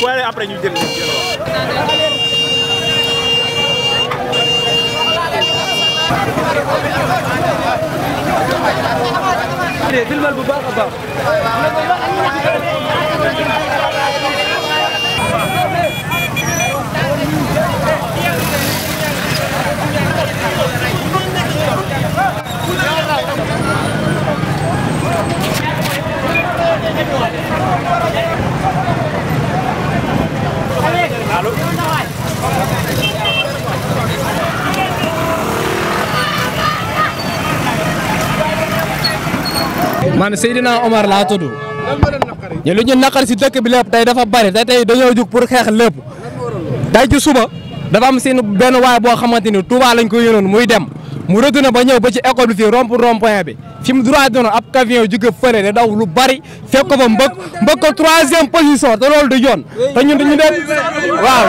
quoi après ñu jël filmal bu baax a baax man Seydina Omar laa tudd. ñu si dëkk bi lépp tey dafa bari tey tey dañoo jug pour xeex lépp. tey ci suba dafa am seen benn waay boo xamante ni Touba lañ ko yónnoon muy dem mu retourné ba ñëw ba ci école bi fii romp rond point bi fi mu droit doon ab camion jóge fële da daw lu bari fekk ko fa mbëkk mbëkk ko troisième position te loolu du yoon te ñun dañu dem waaw.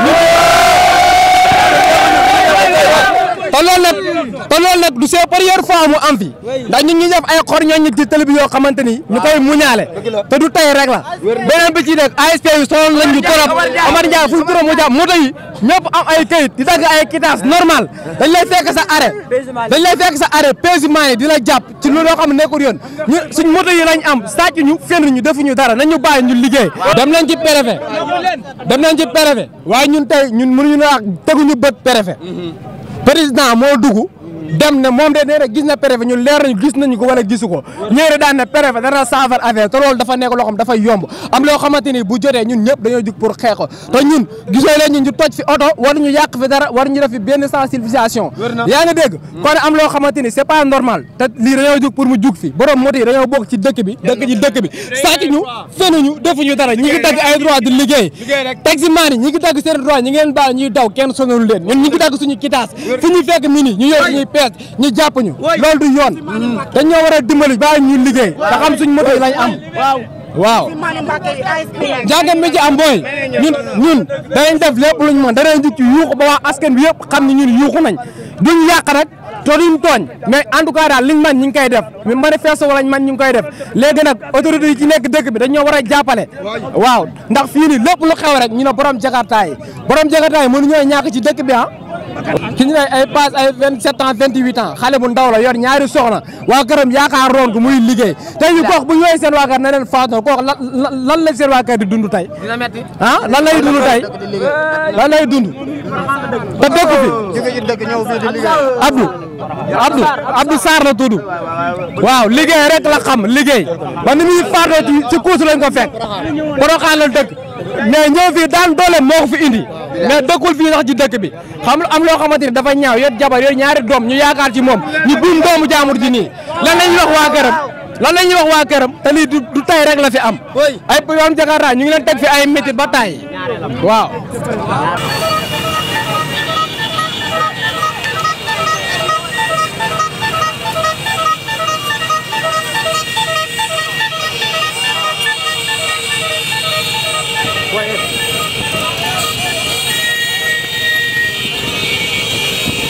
te loolu nag te nag du c'est première fois am fi ndax ñu def ay xor ñooñu ci télé bi yoo xamante ni ñu koy muñaale te du tey beneen bi ci nekk ASP yu sonal lañ ñu trop Amar Ndiaye fu ñu trop mu jàpp moto yi ñëpp am ay kayit di dagg ay quittance normal dañ lay fekk sa arrêt dañ lay fekk sa arrêt paisement yi di la jàpp ci loolu yoo xam ne nekkul yoon ñu suñ moto yi lañ am sàcc ñu fenn ñu defuñu dara nañ ñu bàyyi ñu liggéey dem nañ ci préfet dem nañ ci préfet waaye ñun tey ñun mënuñu na teguñu bët préfet président moo dugg dem na moom de nee na gis na préfet ñun leer nañu gis ko wala daan na préfet dana saafar affaire te loolu dafa nekk loo xam dafa yomb am loo xamante ni bu jotee ñun ñu toj fi oto waru ñu yàq fi dara waru ñu yaa ngi dégg kon am loo xamante ni c'est pas normal te lii dañoo jug pour mu moto yi dañoo bokk ci dëkk bi dëkk ci dëkk bi sàcc ñu fenuñu defuñu droit di liggéey taximaan yi ñi droit ñi ngeen baal ñuy daw mini bees ñu jàpp ñu loolu du yoon dañ ñoo war a dimbali bàyyi ñuy liggéey nga xam suñ moto yi lañ am waaw jàngat mi ci am booy ñun ñun danañ def lépp luñ mën danañ jug ci yuuxu ba waa askan bi yëpp xam ne ñun yuuxu nañ duñ yàq rek te duñ tooñ mais en tout cas daal liñ man ñu ngi koy def mi manifeste wala man ñu ngi koy def léegi nag autorité yi ci nekk dëkk bi dañ ñoo war a jàppale waaw ndax fii nii lu xew rek ñu ne borom jakarta yi borom jakarta yi mënu ñooy ñàkk ci ki ñu ne ay passe ay vingt sept ans vingt huit ans xale bu ndaw la yor ñaari soxna waa këram yaakaaroon ko muy liggéey tey ñu koox bu ñëwee seen waa kër na leen faatoon koox lan lan la seen waa kër di dund tey ah lan lay dund tey lan lay dund te dëkk fi la tudd waaw liggéey rek la xam liggéey ba ni muy faatoo ci kuus lañ ko fekk boroxaan la dëkk mais ñëw fii daal doole moo ko indi mais dëkkul fii sax ci dëkk bi xam am loo xamante ni dafa ñaaw yot jabar yooyu ñaari doom ñu yaakaar ci moom ñu buum doomu jaamur ji nii lan la ñuy wax waa këram lan la ñuy wax waa këram te lii du tay rek la fi am ay yoon Jakarta ñu ngi lan teg fi ay métit ba tay waaw